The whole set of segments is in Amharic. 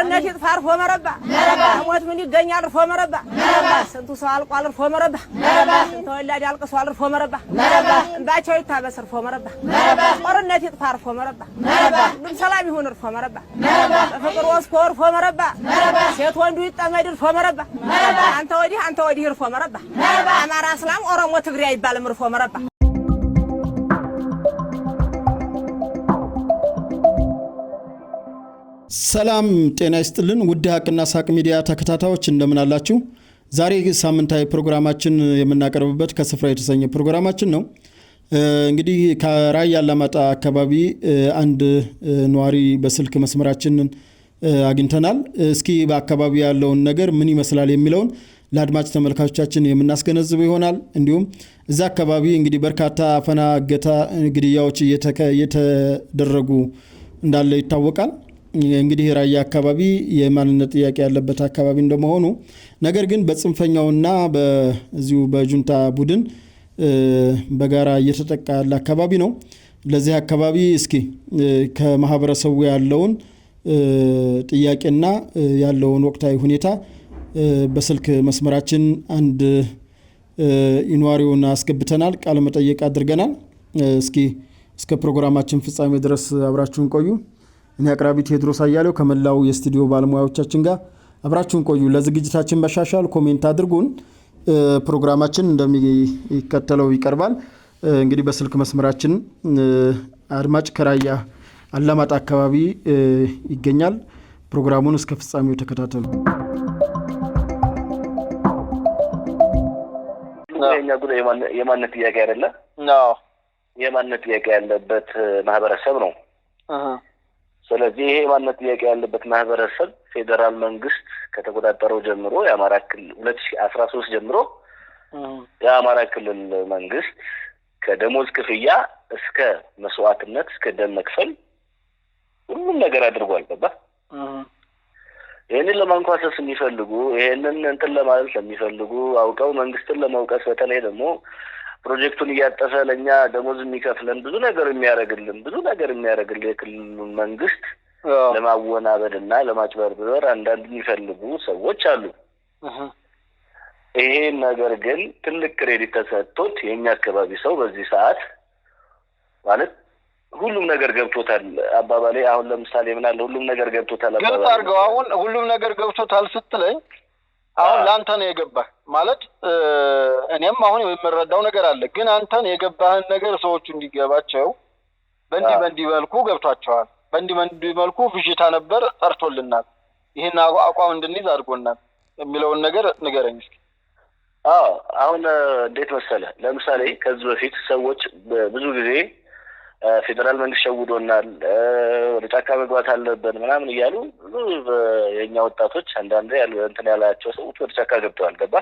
ጦርነት ይጥፋ አርፎ መረባ ሞት ምን ይገኛል እርፎ መረባ ስንቱ ሰው አልቋል እርፎ መረባ ስንት ተወላጅ አልቅሷል እርፎ መረባ እንባቸው ይታበስ እርፎ መረባ ጦርነት ይጥፋ አርፎ መረባ ሁሉም ሰላም ይሁን እርፎ መረባ በፍቅር ወስኮ እርፎ መረባ ሴት ወንዱ ይጠመድ እርፎ መረባ አንተ ወዲህ አንተ ወዲህ እርፎ መረባ አማራ፣ እስላም፣ ኦሮሞ፣ ትግሬ አይባልም እርፎ መረባ ሰላም ጤና ይስጥልን ውድ ሀቅና ሳቅ ሚዲያ ተከታታዮች እንደምን አላችሁ? ዛሬ ሳምንታዊ ፕሮግራማችን የምናቀርብበት ከስፍራ የተሰኘ ፕሮግራማችን ነው። እንግዲህ ከራያ አላማጣ አካባቢ አንድ ነዋሪ በስልክ መስመራችንን አግኝተናል። እስኪ በአካባቢ ያለውን ነገር ምን ይመስላል የሚለውን ለአድማጭ ተመልካቾቻችን የምናስገነዝበው ይሆናል። እንዲሁም እዛ አካባቢ እንግዲህ በርካታ አፈና፣ እገታ፣ ግድያዎች እየተደረጉ እንዳለ ይታወቃል። እንግዲህ ራያ አካባቢ የማንነት ጥያቄ ያለበት አካባቢ እንደመሆኑ ነገር ግን በጽንፈኛውና በዚሁ በጁንታ ቡድን በጋራ እየተጠቃ ያለ አካባቢ ነው። ለዚህ አካባቢ እስኪ ከማህበረሰቡ ያለውን ጥያቄና ያለውን ወቅታዊ ሁኔታ በስልክ መስመራችን አንድ ኗሪውን አስገብተናል፣ ቃለ መጠየቅ አድርገናል። እስኪ እስከ ፕሮግራማችን ፍጻሜ ድረስ አብራችሁን ቆዩ። እኔ አቅራቢ ቴድሮስ አያሌው ከመላው የስቱዲዮ ባለሙያዎቻችን ጋር አብራችሁን ቆዩ። ለዝግጅታችን መሻሻል ኮሜንት አድርጉን። ፕሮግራማችን እንደሚከተለው ይቀርባል። እንግዲህ በስልክ መስመራችን አድማጭ ከራያ አላማጣ አካባቢ ይገኛል። ፕሮግራሙን እስከ ፍጻሜው ተከታተሉ። የእኛ ጉዳይ የማንነት ጥያቄ አይደለም። የማንነት ጥያቄ ያለበት ማህበረሰብ ነው ስለዚህ ይሄ የማንነት ጥያቄ ያለበት ማህበረሰብ ፌዴራል መንግስት ከተቆጣጠረው ጀምሮ የአማራ ክልል ሁለት ሺ አስራ ሶስት ጀምሮ የአማራ ክልል መንግስት ከደሞዝ ክፍያ እስከ መስዋዕትነት እስከ ደም መክፈል ሁሉም ነገር አድርጓል። ገባ ይህንን ለማንኳሰስ የሚፈልጉ ይህንን እንትን ለማለት ለሚፈልጉ አውቀው መንግስትን ለመውቀስ በተለይ ደግሞ ፕሮጀክቱን እያጠፈ ለእኛ ደሞዝ የሚከፍለን ብዙ ነገር የሚያደርግልን ብዙ ነገር የሚያደርግልን የክልሉን መንግስት ለማወናበድ እና ለማጭበርበር አንዳንድ የሚፈልጉ ሰዎች አሉ። ይሄ ነገር ግን ትልቅ ክሬዲት ተሰጥቶት የእኛ አካባቢ ሰው በዚህ ሰዓት ማለት ሁሉም ነገር ገብቶታል አባባሌ። አሁን ለምሳሌ ምናለ ሁሉም ነገር ገብቶታል ግልጽ አድርገው። አሁን ሁሉም ነገር ገብቶታል ስትለኝ አሁን ለአንተ ነው የገባህ ማለት እኔም አሁን የምረዳው ነገር አለ። ግን አንተን የገባህን ነገር ሰዎቹ እንዲገባቸው በእንዲህ በእንዲህ መልኩ ገብቷቸዋል። በእንዲህ በእንዲህ መልኩ ብዥታ ነበር ጠርቶልናል፣ ይህን አቋም እንድንይዝ አድርጎናል የሚለውን ነገር ንገረኝ እስኪ። አዎ አሁን እንዴት መሰለህ፣ ለምሳሌ ከዚህ በፊት ሰዎች ብዙ ጊዜ ፌዴራል መንግስት ሸውዶናል፣ ወደ ጫካ መግባት አለብን ምናምን እያሉ የእኛ ወጣቶች አንዳንድ እንትን ያላቸው ሰዎች ወደ ጫካ ገብተዋል። ገባ።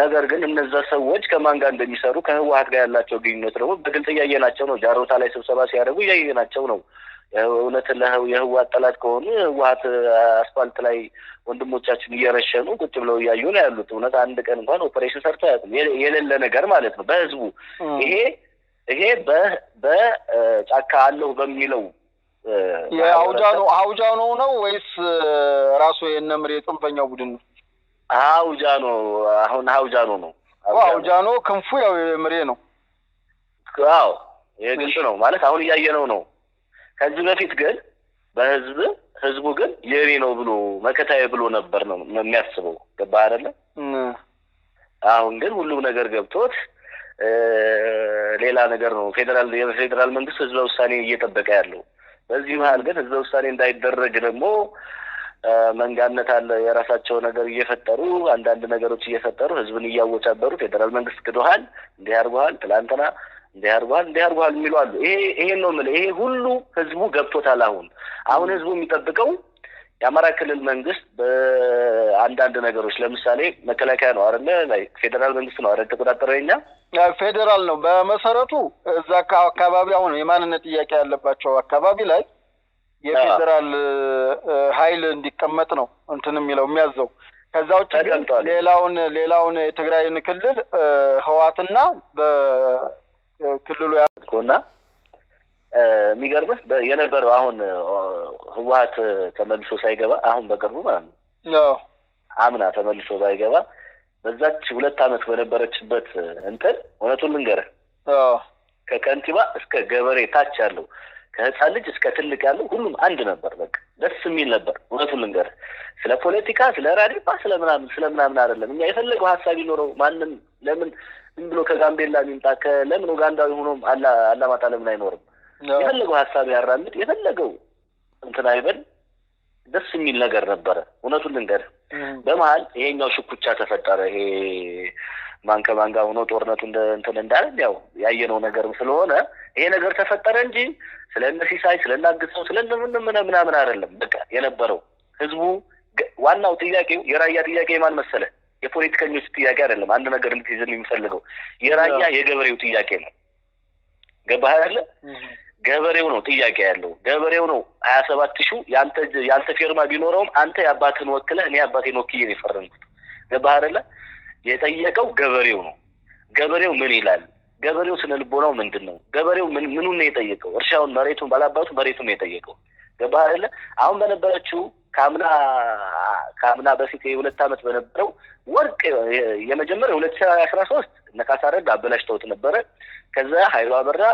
ነገር ግን እነዛ ሰዎች ከማን ጋር እንደሚሰሩ ከህወሀት ጋር ያላቸው ግንኙነት ደግሞ በግልጽ እያየናቸው ነው። ጃሮታ ላይ ስብሰባ ሲያደርጉ እያየናቸው ነው። እውነት የህወሀት ጠላት ከሆኑ የህወሀት አስፋልት ላይ ወንድሞቻችን እየረሸኑ ቁጭ ብለው እያዩ ነው ያሉት። እውነት አንድ ቀን እንኳን ኦፐሬሽን ሰርቶ አያውቁም። የሌለ ነገር ማለት ነው በህዝቡ ይሄ ይሄ በጫካ አለሁ በሚለው አውጃኖ ነው ወይስ ራሱ የነምር የጽንፈኛው ቡድን ነው? አውጃኖ አሁን አውጃኖ ነው። አውጃኖ ክንፉ ያው የምሬ ነው። አዎ ይሄ ግልጽ ነው ማለት አሁን እያየነው ነው። ከዚህ በፊት ግን በህዝብ ህዝቡ ግን የኔ ነው ብሎ መከታዬ ብሎ ነበር ነው የሚያስበው። ገባህ አይደለም? አሁን ግን ሁሉም ነገር ገብቶት ሌላ ነገር ነው። ፌዴራል የፌዴራል መንግስት ህዝበ ውሳኔ እየጠበቀ ያለው። በዚህ መሀል ግን ህዝበ ውሳኔ እንዳይደረግ ደግሞ መንጋነት አለ። የራሳቸው ነገር እየፈጠሩ አንዳንድ ነገሮች እየፈጠሩ ህዝብን እያወጫበሩ ፌዴራል መንግስት ክዶሃል፣ እንዲህ አድርገሃል፣ ትላንትና እንዲህ አድርገሃል፣ እንዲህ አድርገሃል የሚሉ አሉ። ይሄ ይሄን ነው የምልህ። ይሄ ሁሉ ህዝቡ ገብቶታል። አሁን አሁን ህዝቡ የሚጠብቀው የአማራ ክልል መንግስት በአንዳንድ ነገሮች ለምሳሌ መከላከያ ነው አረ ፌዴራል መንግስት ነው አረ ተቆጣጠረው የኛ ፌዴራል ነው። በመሰረቱ እዛ አካባቢ አሁን የማንነት ጥያቄ ያለባቸው አካባቢ ላይ የፌዴራል ሀይል እንዲቀመጥ ነው እንትን የሚለው የሚያዘው። ከዛ ውጭ ግን ሌላውን ሌላውን የትግራይን ክልል ህዋትና በክልሉ ያና የሚገርምህ የነበረው አሁን ህወሀት ተመልሶ ሳይገባ አሁን በቅርቡ ማለት ነው አምና ተመልሶ ሳይገባ በዛች ሁለት አመት በነበረችበት እንትን እውነቱን ልንገርህ ከከንቲባ እስከ ገበሬ ታች ያለው ከህፃን ልጅ እስከ ትልቅ ያለው ሁሉም አንድ ነበር። በቃ ደስ የሚል ነበር። እውነቱን ልንገርህ ስለ ፖለቲካ፣ ስለ ራዲፓ፣ ስለምናምን ስለምናምን አደለም አይደለም። እኛ የፈለገው ሀሳብ ይኖረው ማንም ለምን ዝም ብሎ ከጋምቤላ የሚምጣ ከለምን ኡጋንዳዊ ሆኖም አላማጣ ለምን አይኖርም? የፈለገው ሀሳብ ያራምድ፣ የፈለገው እንትን አይበል። ደስ የሚል ነገር ነበረ። እውነቱን ልንገር፣ በመሀል ይሄኛው ሽኩቻ ተፈጠረ። ይሄ ማን ከማን ጋር ሆኖ ጦርነቱ እንትን እንዳለን ያው ያየነው ነገርም ስለሆነ ይሄ ነገር ተፈጠረ እንጂ ስለነ ሲሳይ ስለናግሰው ስለነምን ምናምን አይደለም። በቃ የነበረው ህዝቡ ዋናው ጥያቄው የራያ ጥያቄ የማን መሰለ የፖለቲከኞች ጥያቄ አይደለም። አንድ ነገር እንድትይዝልህ የሚፈልገው የራያ የገበሬው ጥያቄ ነው። ገባህ አይደለ? ገበሬው ነው ጥያቄ ያለው ገበሬው ነው ሀያ ሰባት ሺ ያንተ ፌርማ ቢኖረውም አንተ የአባትህን ወክለ እኔ አባቴን ወክዬ ነው የፈረምኩት። ገባህ አይደለ? የጠየቀው ገበሬው ነው። ገበሬው ምን ይላል? ገበሬው ስነ ልቦናው ምንድን ነው? ገበሬው ምኑን ነው የጠየቀው? እርሻውን፣ መሬቱን፣ ባላባቱ መሬቱን ነው የጠየቀው። ገባህ አይደለ? አሁን በነበረችው ከአምና ከአምና በፊት የሁለት ዓመት በነበረው ወርቅ የመጀመሪያ ሁለት ሺ አስራ ሶስት እነ አበላሽተውት ነበረ። ከዛ ሀይሉ አበራ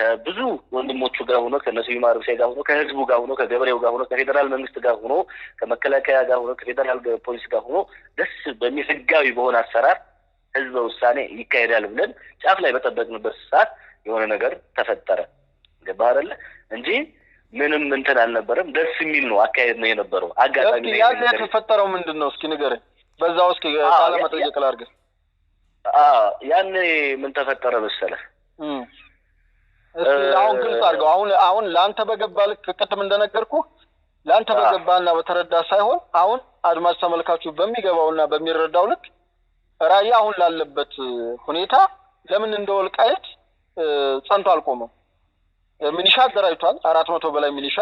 ከብዙ ወንድሞቹ ጋር ሆኖ ከነሱ ማርብሴ ጋር ሆኖ ከህዝቡ ጋር ሆኖ ከገበሬው ጋር ሆኖ ከፌዴራል መንግስት ጋር ሆኖ ከመከላከያ ጋር ሆኖ ከፌዴራል ፖሊስ ጋር ሆኖ ደስ በሚል ህጋዊ በሆነ አሰራር ህዝበ ውሳኔ ይካሄዳል ብለን ጫፍ ላይ በጠበቅንበት ሰዓት የሆነ ነገር ተፈጠረ። ገባህ አይደለ? እንጂ ምንም እንትን አልነበረም። ደስ የሚል ነው አካሄድ ነው የነበረው። አጋጣሚ የተፈጠረው ምንድን ነው? እስኪ ንገረኝ። በዛው እስኪ ቃለ መጠየቅ ላድርግ። ያኔ ምን ተፈጠረ መሰለህ አሁን ግልጽ አድርገው አሁን አሁን ለአንተ በገባ ልክ ቅድም እንደነገርኩ ለአንተ በገባና በተረዳ ሳይሆን አሁን አድማጭ ተመልካቹ በሚገባው እና በሚረዳው ልክ ራያ አሁን ላለበት ሁኔታ ለምን እንደ ወልቃየት ጸንቶ አልቆመም? ሚኒሻ አደራጅቷል። አራት መቶ በላይ ሚኒሻ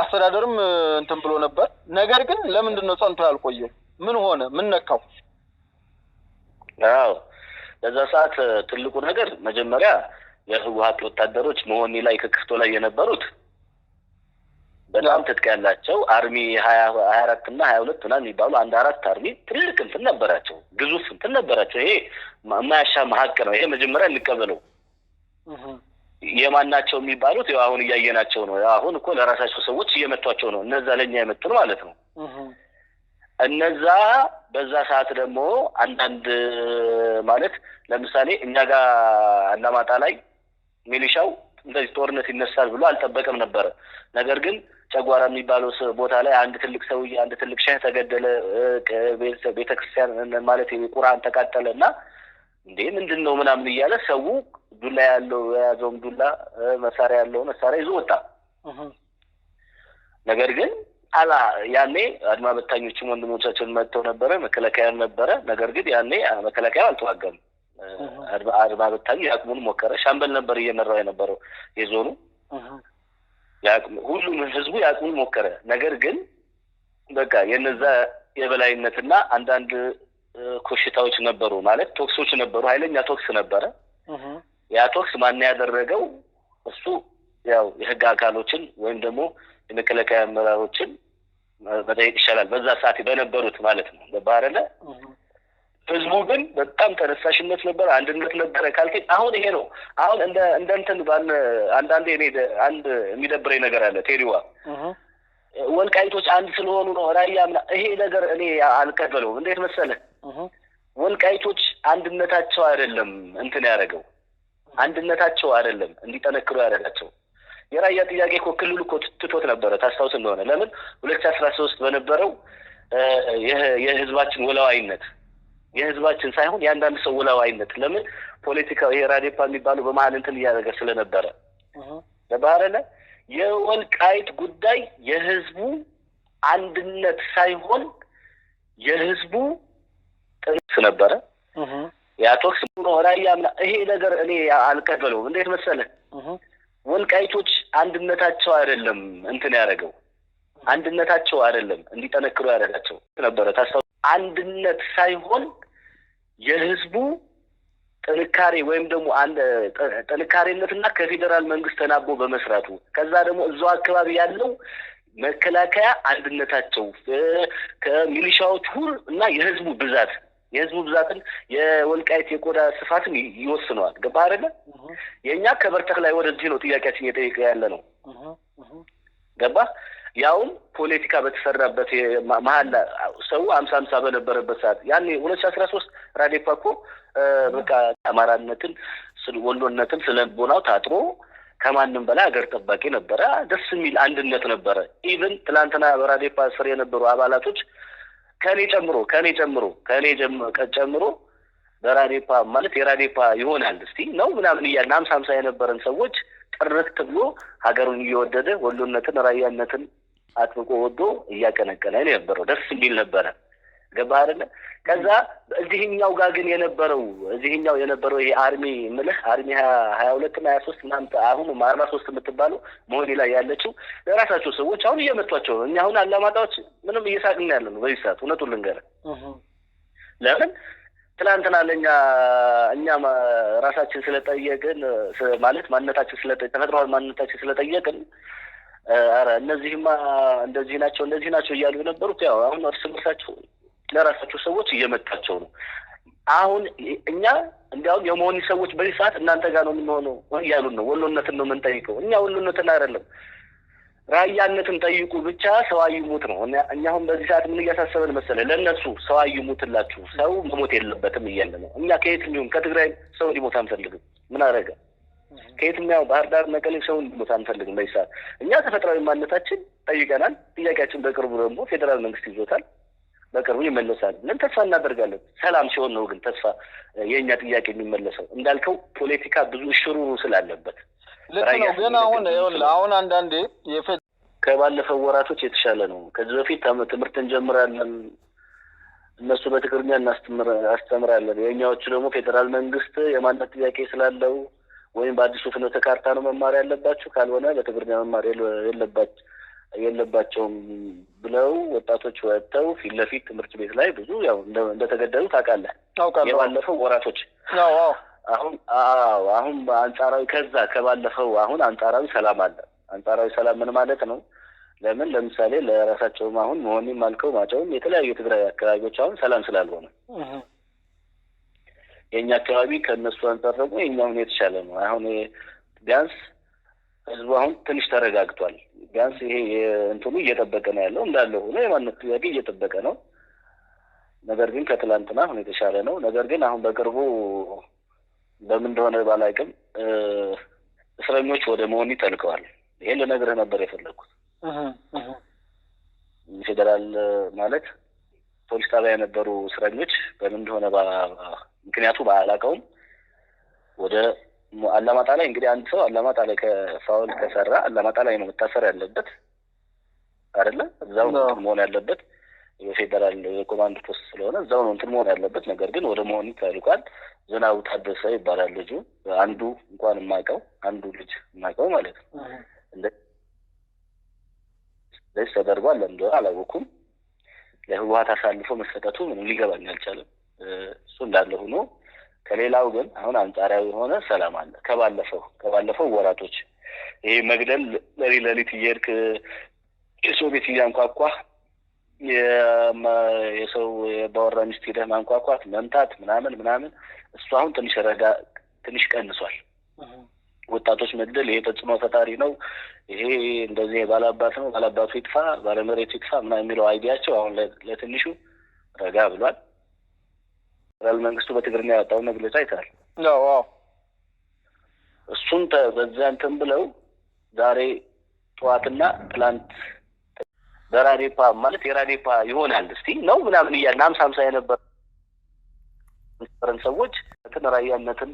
አስተዳደርም እንትን ብሎ ነበር። ነገር ግን ለምንድን ነው ጸንቶ ያልቆየው? ምን ሆነ? ምን ነካው? አዎ በዛ ሰዓት ትልቁ ነገር መጀመሪያ የህወሀት ወታደሮች መሆኒ ላይ ከክፍቶ ላይ የነበሩት በጣም ትጥቅ ያላቸው አርሚ ሀያ አራት እና ሀያ ሁለት ምናምን የሚባሉ አንድ አራት አርሚ ትልቅ እንትን ነበራቸው፣ ግዙፍ እንትን ነበራቸው። ይሄ ማያሻ መሀቅ ነው። ይሄ መጀመሪያ እንቀበለው። ናቸው የሚባሉት ያው አሁን እያየናቸው ነው። አሁን እኮ ለራሳቸው ሰዎች እየመቷቸው ነው። እነዛ ለእኛ የመቱን ማለት ነው። እነዛ በዛ ሰዓት ደግሞ አንዳንድ ማለት ለምሳሌ እኛ ጋር አላማጣ ላይ ሚሊሻው እንደዚህ ጦርነት ይነሳል ብሎ አልጠበቀም ነበረ። ነገር ግን ጨጓራ የሚባለው ቦታ ላይ አንድ ትልቅ ሰውዬ አንድ ትልቅ ሸህ ተገደለ፣ ቤተክርስቲያን ማለት ቁርአን ተቃጠለ እና እንዴ ምንድን ነው ምናምን እያለ ሰው ዱላ ያለው የያዘውም ዱላ መሳሪያ ያለው መሳሪያ ይዞ ወጣ። ነገር ግን አላ ያኔ አድማ በታኞችም ወንድሞቻችን መጥተው ነበረ፣ መከላከያም ነበረ። ነገር ግን ያኔ መከላከያ አልተዋገም። አርባ ብታኝ የአቅሙን ሞከረ። ሻምበል ነበር እየመራው የነበረው የዞኑ ሁሉም ህዝቡ የአቅሙን ሞከረ። ነገር ግን በቃ የነዛ የበላይነትና አንዳንድ ኮሽታዎች ነበሩ፣ ማለት ቶክሶች ነበሩ። ኃይለኛ ቶክስ ነበረ። ያ ቶክስ ማን ያደረገው? እሱ ያው የህግ አካሎችን ወይም ደግሞ የመከላከያ አመራሮችን መጠየቅ ይሻላል። በዛ ሰዓት በነበሩት ማለት ነው። ገባህ አይደለ? ህዝቡ ግን በጣም ተነሳሽነት ነበረ፣ አንድነት ነበረ ካልከኝ አሁን ይሄ ነው። አሁን እንደ ባለ አንዳንዴ እኔ አንድ የሚደብረኝ ነገር አለ ቴሪዋ ወልቃይቶች አንድ ስለሆኑ ነው ራያ ምና ይሄ ነገር እኔ አልቀበለውም። እንዴት መሰለ ወልቃይቶች አንድነታቸው አይደለም እንትን ያደረገው አንድነታቸው አይደለም እንዲጠነክሩ ያደረጋቸው። የራያ ጥያቄ እኮ ክልሉ እኮ ትቶት ነበረ ታስታውስ እንደሆነ ለምን ሁለት አስራ ሶስት በነበረው የህዝባችን ወላዋይነት የህዝባችን ሳይሆን የአንዳንድ ሰው ውለዋይነት ለምን ፖለቲካው ይሄ ራዴፓ የሚባለው በመሀል እንትን እያደረገ ስለነበረ ለባህረለ የወልቃይት ጉዳይ የህዝቡ አንድነት ሳይሆን የህዝቡ ጥንስ ነበረ። የአቶክስ ራያ ምና ይሄ ነገር እኔ አልቀበለውም። እንዴት መሰለ ወልቃይቶች አንድነታቸው አይደለም እንትን ያደረገው አንድነታቸው አይደለም እንዲጠነክሩ ያደረጋቸው ነበረ ታስታ አንድነት ሳይሆን የህዝቡ ጥንካሬ ወይም ደግሞ ጥንካሬነትና ከፌዴራል መንግስት ተናቦ በመስራቱ ከዛ ደግሞ እዛው አካባቢ ያለው መከላከያ አንድነታቸው ከሚሊሻዎች ሁሉ እና የህዝቡ ብዛት የህዝቡ ብዛትን የወልቃይት የቆዳ ስፋትን ይወስነዋል። ገባ አደለ? የእኛ ከበርተክ ላይ ወደዚህ ነው ጥያቄያችን እየጠየቀ ያለ ነው። ገባ ያውም ፖለቲካ በተሰራበት መሀል ሰው አምሳ አምሳ በነበረበት ሰዓት ያኔ ሁለት ሺ አስራ ሶስት ራዴፓ እኮ በቃ አማራነትን ወሎነትን ስለቦናው ታጥሮ ከማንም በላይ አገር ጠባቂ ነበረ። ደስ የሚል አንድነት ነበረ። ኢቨን ትላንትና በራዴፓ ስር የነበሩ አባላቶች ከእኔ ጨምሮ ከእኔ ጨምሮ ከእኔ ጨምሮ በራዴፓ ማለት የራዴፓ ይሆናል እስቲ ነው ምናምን እያልን አምሳ አምሳ የነበረን ሰዎች ጥርት ብሎ ሀገሩን እየወደደ ወሎነትን ራያነትን አጥብቆ ወዶ እያቀነቀነ ነው የነበረው። ደስ የሚል ነበረ። ገባህ አይደለ? ከዛ እዚህኛው ጋር ግን የነበረው እዚህኛው የነበረው ይሄ አርሚ ምልህ አርሚ ሀያ ሁለት ና ሀያ ሶስት ምናምን አሁን አርባ ሶስት የምትባሉ መሆኔ ላይ ያለችው ለራሳቸው ሰዎች አሁን እየመቷቸው ነው። እኛ አሁን አላማጣዎች ምንም እየሳቅና ያለ ነው በዚህ ሰዓት። እውነቱን ልንገርህ ለምን ትላንትና ለእኛ እኛ ራሳችን ስለጠየቅን ማለት ማንነታችን ስለጠየቅን ተፈጥሯዊ ማንነታችን ስለጠየቅን ኧረ እነዚህማ እንደዚህ ናቸው እንደዚህ ናቸው እያሉ የነበሩት ያው አሁን እርስ በርሳቸው ለራሳቸው ሰዎች እየመጣቸው ነው። አሁን እኛ እንዲያውም የመሆኒ ሰዎች በዚህ ሰዓት እናንተ ጋር ነው የምንሆነው እያሉን ነው። ወሎነትን ነው የምንጠይቀው እኛ ወሎነትን አይደለም ራያነትን ጠይቁ ብቻ ሰው አይሙት ነው። እኛ አሁን በዚህ ሰዓት ምን እያሳሰበን መሰለ ለእነሱ ሰው አይሙትላችሁ፣ ሰው መሞት የለበትም እያለ ነው። እኛ ከየት እንዲሁም ከትግራይ ሰው እንዲሞት አንፈልግም። ምን አረገ ከየትም ያው ባህር ዳር፣ መቀሌ ሰውን ሞት አንፈልግም። በዚህ ሰዓት እኛ ተፈጥሯዊ ማንነታችን ጠይቀናል። ጥያቄያችን በቅርቡ ደግሞ ፌዴራል መንግስት ይዞታል። በቅርቡ ይመለሳል። ምን ተስፋ እናደርጋለን? ሰላም ሲሆን ነው ግን ተስፋ የእኛ ጥያቄ የሚመለሰው። እንዳልከው ፖለቲካ ብዙ እሽሩሩ ስላለበት ልክ ነው። ግን አሁን አሁን አንዳንዴ ከባለፈው ወራቶች የተሻለ ነው። ከዚህ በፊት ትምህርት እንጀምራለን፣ እነሱ በትግርኛ እናስተምራለን። የእኛዎቹ ደግሞ ፌዴራል መንግስት የማንነት ጥያቄ ስላለው ወይም በአዲሱ ፍኖተ ካርታ ነው መማር ያለባችሁ፣ ካልሆነ በትግርኛ መማር የለባቸውም ብለው ወጣቶች ወጥተው ፊት ለፊት ትምህርት ቤት ላይ ብዙ ያው እንደተገደሉ ታውቃለህ። የባለፈው ወራቶች አሁን አዎ፣ አሁን አንጻራዊ ከዛ ከባለፈው አሁን አንጻራዊ ሰላም አለ። አንጻራዊ ሰላም ምን ማለት ነው? ለምን ለምሳሌ ለራሳቸውም አሁን መሆኒም አልከው ማጨውም የተለያዩ የትግራይ አካባቢዎች አሁን ሰላም ስላልሆነ የእኛ አካባቢ ከእነሱ አንጻር ደግሞ የእኛ የተሻለ ነው። አሁን ቢያንስ ህዝቡ አሁን ትንሽ ተረጋግቷል። ቢያንስ ይሄ እንትኑ እየጠበቀ ነው ያለው እንዳለ ሆኖ የማንነት ጥያቄ እየጠበቀ ነው። ነገር ግን ከትላንትና አሁን የተሻለ ነው። ነገር ግን አሁን በቅርቡ በምን እንደሆነ ባላውቅም እስረኞች ወደ መሆን ይጠልቀዋል። ይሄ ልነግርህ ነበር የፈለግኩት። ፌዴራል ማለት ፖሊስ ጣቢያ የነበሩ እስረኞች በምን እንደሆነ ምክንያቱ አላውቀውም። ወደ አላማጣ ላይ እንግዲህ አንድ ሰው አላማጣ ላይ ከፋውል ከሰራ አላማጣ ላይ ነው መታሰር ያለበት አደለ እዛው ነው መሆን ያለበት የፌደራል የኮማንድ ፖስት ስለሆነ እዛው ነው እንትን መሆን ያለበት። ነገር ግን ወደ መሆን ታልቋል። ዝናቡ ታደሰ ይባላል ልጁ። አንዱ እንኳን የማቀው አንዱ ልጅ የማቀው ማለት ነው እንደዚህ ተደርጓል። ለምንድነው አላወኩም። ለህወሀት አሳልፎ መሰጠቱ ምንም ሊገባኝ አልቻለም። እሱ እንዳለ ሆኖ ከሌላው ግን አሁን አንጻራዊ የሆነ ሰላም አለ። ከባለፈው ከባለፈው ወራቶች ይሄ መግደል ለሪ ለሊት እየሄድክ የሰው ቤት እያንኳኳ የሰው ባወራ ሚስት ሄደህ ማንኳኳት፣ መምታት ምናምን ምናምን እሱ አሁን ትንሽ ረጋ ትንሽ ቀንሷል። ወጣቶች መግደል ይሄ ተጽዕኖ ፈጣሪ ነው፣ ይሄ እንደዚህ ባላባት ነው፣ ባላባቱ ይጥፋ፣ ባለመሬቱ ይጥፋ ምናምን የሚለው አይዲያቸው አሁን ለትንሹ ረጋ ብሏል። ፌዴራል መንግስቱ በትግርኛ ያወጣው መግለጫ አይተሃል። እሱን በዛ እንትን ብለው ዛሬ ጠዋትና ትላንት በራዴፓ ማለት የራዴፓ ይሆናል እስቲ ነው ምናምን እያልን ሀምሳ ሀምሳ የነበረን ሰዎች እንትን ራያነትን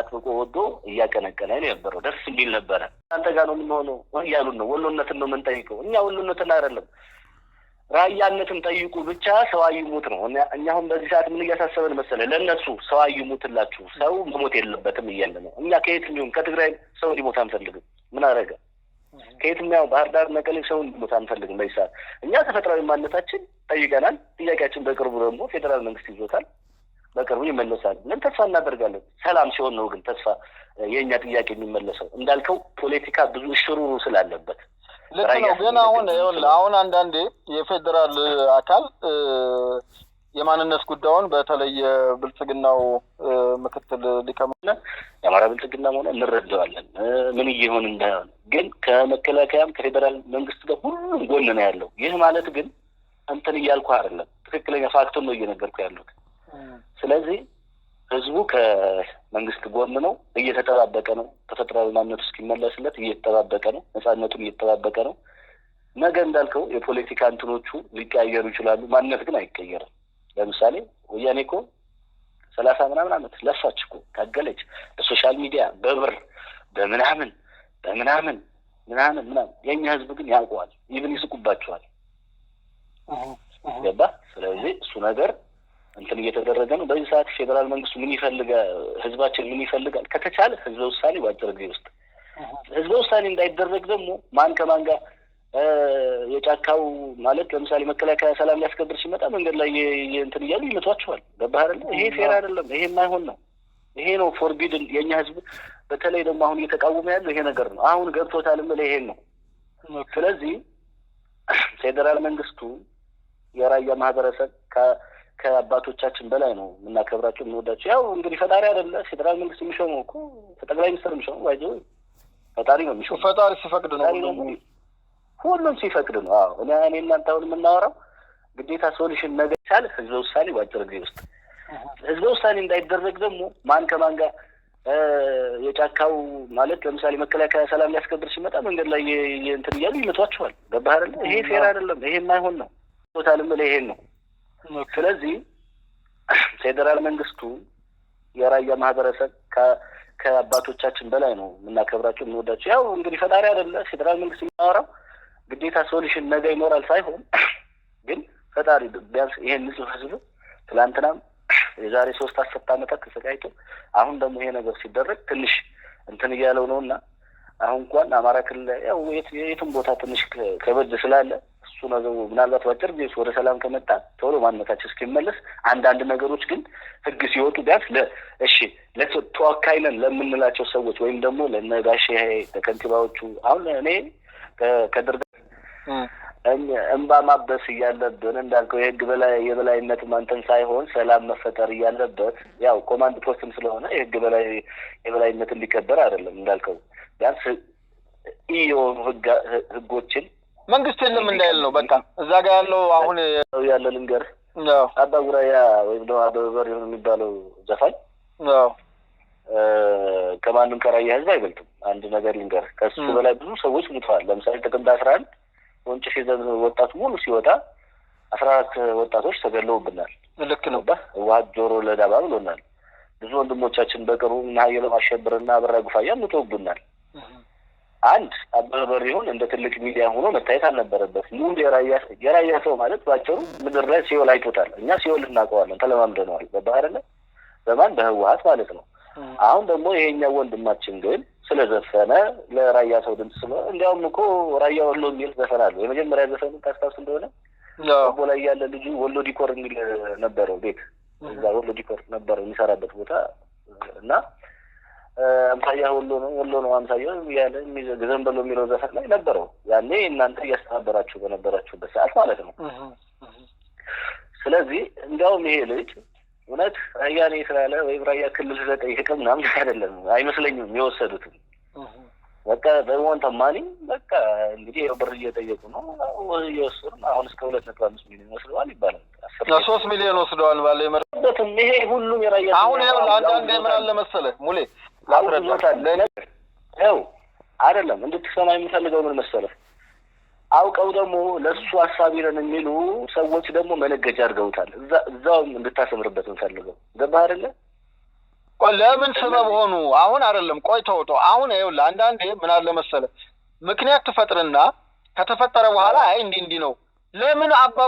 አጥብቆ ወዶ እያቀነቀነ ነው የነበረው። ደስ የሚል ነበረ። አንተ ጋር ነው የምንሆነው እያሉን ነው። ወሎነትን ነው የምንጠይቀው እኛ ወሎነትን አይደለም ራያነትን ጠይቁ ብቻ ሰው አይሙት ነው። እኛ አሁን በዚህ ሰዓት ምን እያሳሰበን መሰለ? ለእነሱ ሰው አይሙትላችሁ፣ ሰው መሞት የለበትም እያለ ነው። እኛ እንዲሁም ከትግራይ ሰው እንዲሞት አንፈልግም። ምን አረገ? ከየትኛው ባህር ዳር፣ መቀሌ ሰው እንዲሞት አንፈልግም። በዚህ ሰዓት እኛ ተፈጥሯዊ ማንነታችን ጠይቀናል። ጥያቄያችን በቅርቡ ደግሞ ፌዴራል መንግስት ይዞታል። በቅርቡ ይመለሳል ብለን ተስፋ እናደርጋለን። ሰላም ሲሆን ነው ግን ተስፋ የእኛ ጥያቄ የሚመለሰው። እንዳልከው ፖለቲካ ብዙ እሽሩሩ ስላለበት ልክ ነው። ግን አሁን አሁን አንዳንዴ የፌዴራል አካል የማንነት ጉዳዩን በተለየ ብልጽግናው ምክትል ሊቀመንበር የአማራ ብልጽግና ሆነ እንረዳዋለን ምን እየሆን እንዳይሆን ግን ከመከላከያም ከፌዴራል መንግስት ጋር ሁሉም ጎን ነው ያለው። ይህ ማለት ግን እንትን እያልኩ አይደለም፣ ትክክለኛ ፋክቶን ነው እየነገርኩ ያሉት። ስለዚህ ህዝቡ ከመንግስት ጎን ነው፣ እየተጠባበቀ ነው። ተፈጥሯዊ ማንነቱ እስኪመለስለት እየተጠባበቀ ነው፣ ነፃነቱን እየተጠባበቀ ነው። ነገ እንዳልከው የፖለቲካ እንትኖቹ ሊቀያየሩ ይችላሉ። ማንነት ግን አይቀየርም። ለምሳሌ ወያኔ እኮ ሰላሳ ምናምን ዓመት ለፋች እኮ ታገለች። በሶሻል ሚዲያ በብር በምናምን በምናምን ምናምን ምናምን። የኛ ህዝብ ግን ያውቀዋል፣ ይብን ይስቁባቸዋል። ገባ። ስለዚህ እሱ ነገር እንትን እየተደረገ ነው። በዚህ ሰዓት ፌዴራል መንግስቱ ምን ይፈልገ ህዝባችን ምን ይፈልጋል? ከተቻለ ህዝበ ውሳኔ በአጭር ጊዜ ውስጥ ህዝበ ውሳኔ እንዳይደረግ ደግሞ ማን ከማን ጋር የጫካው ማለት ለምሳሌ መከላከያ ሰላም ሊያስከብር ሲመጣ መንገድ ላይ እንትን እያሉ ይመቷቸዋል። በባህር ይሄ ፌር አይደለም። ይሄ የማይሆን ነው። ይሄ ነው ፎርቢድን። የእኛ ህዝብ በተለይ ደግሞ አሁን እየተቃወመ ያለው ይሄ ነገር ነው። አሁን ገብቶታል ምል ይሄን ነው። ስለዚህ ፌዴራል መንግስቱ የራያ ማህበረሰብ ከአባቶቻችን በላይ ነው የምናከብራቸው የምንወዳቸው። ያው እንግዲህ ፈጣሪ አይደለ ፌዴራል መንግስት የሚሾመው እኮ ጠቅላይ ሚኒስትር የሚሾመው ባይ ፈጣሪ ነው የሚሾመው። ፈጣሪ ሲፈቅድ ነው፣ ሁሉም ሲፈቅድ ነው። አዎ እኔ እኔ እናንተ አሁን የምናወራው ግዴታ ሶሉሽን ነገር ቻል ህዝበ ውሳኔ በአጭር ጊዜ ውስጥ ህዝበ ውሳኔ እንዳይደረግ ደግሞ ማን ከማን ጋር የጫካው ማለት ለምሳሌ መከላከያ ሰላም ሊያስከብር ሲመጣ መንገድ ላይ እንትን እያሉ ይመቷቸዋል። በባህር ይሄ ፌር አይደለም። ይሄ የማይሆን ነው። ቦታ ልምል ይሄን ነው ስለዚህ ፌዴራል መንግስቱ የራያ ማህበረሰብ ከአባቶቻችን በላይ ነው የምናከብራቸው የምንወዳቸው። ያው እንግዲህ ፈጣሪ አይደለ ፌዴራል መንግስት የሚያወራው ግዴታ ሶሉሽን ነገ ይኖራል ሳይሆን ግን ፈጣሪ ቢያንስ ይሄን ንጹህ ህዝብ ትላንትናም የዛሬ ሶስት አስርት ዓመታት ተሰቃይቶ አሁን ደግሞ ይሄ ነገር ሲደረግ ትንሽ እንትን እያለው ነው እና አሁን እንኳን አማራ ክልል ያው የትም ቦታ ትንሽ ከበድ ስላለ እሱ ነገሩ ምናልባት ባጭር ጊዜ ወደ ሰላም ከመጣ ቶሎ ማንነታቸው እስኪመለስ አንዳንድ ነገሮች ግን ህግ ሲወጡ ቢያንስ ለእሺ ተወካይ ነን ለምንላቸው ሰዎች ወይም ደግሞ ለነጋሽ ከንቲባዎቹ አሁን እኔ ከደርግ እንባ ማበስ እያለብን እንዳልከው የህግ በላይ የበላይነት ማንተን ሳይሆን ሰላም መፈጠር እያለበት ያው ኮማንድ ፖስትም ስለሆነ የህግ በላይ የበላይነት እንዲከበር አይደለም እንዳልከው ቢያንስ ኢዮ ህጎችን መንግስት የለም እንዳይል ነው። በቃ እዛ ጋ ያለው አሁን ያለ ልንገር አዳጉራያ ወይም ደግሞ አደበበር ሆን የሚባለው ዘፋኝ ከማንም ከራያ ህዝብ አይበልጥም። አንድ ነገር ልንገር፣ ከሱ በላይ ብዙ ሰዎች ሙተዋል። ለምሳሌ ጥቅምት አስራ አንድ ወንጭፍ የዘን ወጣቱ ሙሉ ሲወጣ አስራ አራት ወጣቶች ተገለውብናል። ልክ ነው። ህወሓት ጆሮ ለዳባ ብሎናል። ብዙ ወንድሞቻችን በቅርቡ ናሀየሎም አሸብርና አበራ ጉፋያ ሙተውብናል። አንድ አበበ በሪሁን እንደ ትልቅ ሚዲያ ሆኖ መታየት አልነበረበት። ይሁን የራያ ሰው ማለት ባጭሩ ምድር ላይ ሲኦል አይቶታል። እኛ ሲኦል እናውቀዋለን፣ ተለማምደነዋል። በባህር ላይ በማን በህወሀት ማለት ነው። አሁን ደግሞ ይሄኛው ወንድማችን ግን ስለዘፈነ ለራያ ሰው ድምፅ ስለ እንዲያውም እኮ ራያ ወሎ የሚል ዘፈን አለ። የመጀመሪያ ዘፈን ታስታውስ እንደሆነ ቦ ላይ ያለ ልጁ ወሎ ዲኮር የሚል ነበረው ቤት፣ እዛ ወሎ ዲኮር ነበረው የሚሰራበት ቦታ እና አምሳያ ወሎ ነው ወሎ ነው አምሳያ ያለ ግዘን በሎ የሚለው ዘፈን ላይ ነበረው። ያኔ እናንተ እያስተባበራችሁ በነበራችሁበት ሰዓት ማለት ነው። ስለዚህ እንዲያውም ይሄ ልጅ እውነት ራያኔ ስላለ ወይም ራያ ክልል ስለጠየቀ ምናምን አይደለም አይመስለኝም የወሰዱትም በቃ በወንተ ተማኒ በቃ እንግዲህ ብር እየጠየቁ ነው እየወሰዱ አሁን እስከ ሁለት ነጥብ አምስት ሚሊዮን ወስደዋል ይባላል። ሶስት ሚሊዮን ወስደዋል ባለ ይመረበትም ይሄ ሁሉም የራያ አሁን ያው አንዳንድ ምን አለ መሰለህ ሙሌ ላውቅታለነው አይደለም እንድትሰማ የምፈልገው ምን መሰለህ፣ አውቀው ደግሞ ለእሱ አሳቢ ነን የሚሉ ሰዎች ደግሞ መነገጃ አድርገውታል። እዛውም እንድታሰምርበት እንፈልገው ገባህ አይደለ? ለምን ስበብ ሆኑ? አሁን አይደለም ቆይ ተውጦ አሁን ይኸውልህ፣ አንዳንዴ ምን አለ መሰለህ ምክንያት ትፈጥርና ከተፈጠረ በኋላ አይ እንዲህ እንዲህ ነው። ለምን አባ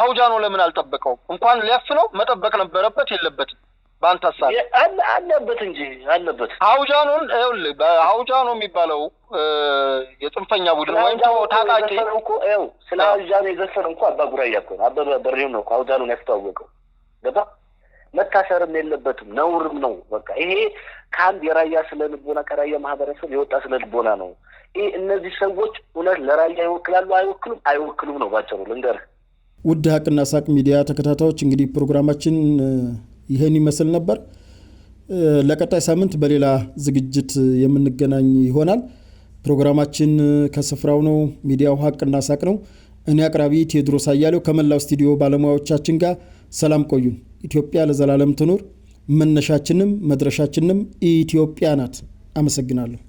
ሀውጃ ነው ለምን አልጠበቀው? እንኳን ሊያፍነው መጠበቅ ነበረበት የለበትም። በአንተ ሀሳብ አለበት እንጂ አለበት። ሀውጃኑን ይኸውልህ፣ ሀውጃኑ የሚባለው የጽንፈኛ ቡድን ወይም ታጣቂ ው ስለ ሀውጃኑ የዘፈነው እኮ አባ ጉራያ እኮ ነው። አበበ በሬው ነው ሀውጃኑን ያስተዋወቀው። ገባ መታሰርም የለበትም ነውርም ነው። በቃ ይሄ ከአንድ የራያ ስለ ልቦና ከራያ ማህበረሰብ የወጣ ስለ ልቦና ነው። ይህ እነዚህ ሰዎች እውነት ለራያ ይወክላሉ አይወክሉም? አይወክሉም ነው ባጭሩ ልንገርህ። ውድ ሀቅና ሳቅ ሚዲያ ተከታታዮች እንግዲህ ፕሮግራማችን ይህን ይመስል ነበር። ለቀጣይ ሳምንት በሌላ ዝግጅት የምንገናኝ ይሆናል። ፕሮግራማችን ከስፍራው ነው። ሚዲያው ሀቅና ሳቅ ነው። እኔ አቅራቢ ቴዎድሮስ አያሌው ከመላው ስቱዲዮ ባለሙያዎቻችን ጋር ሰላም ቆዩን። ኢትዮጵያ ለዘላለም ትኑር። መነሻችንም መድረሻችንም ኢትዮጵያ ናት። አመሰግናለሁ።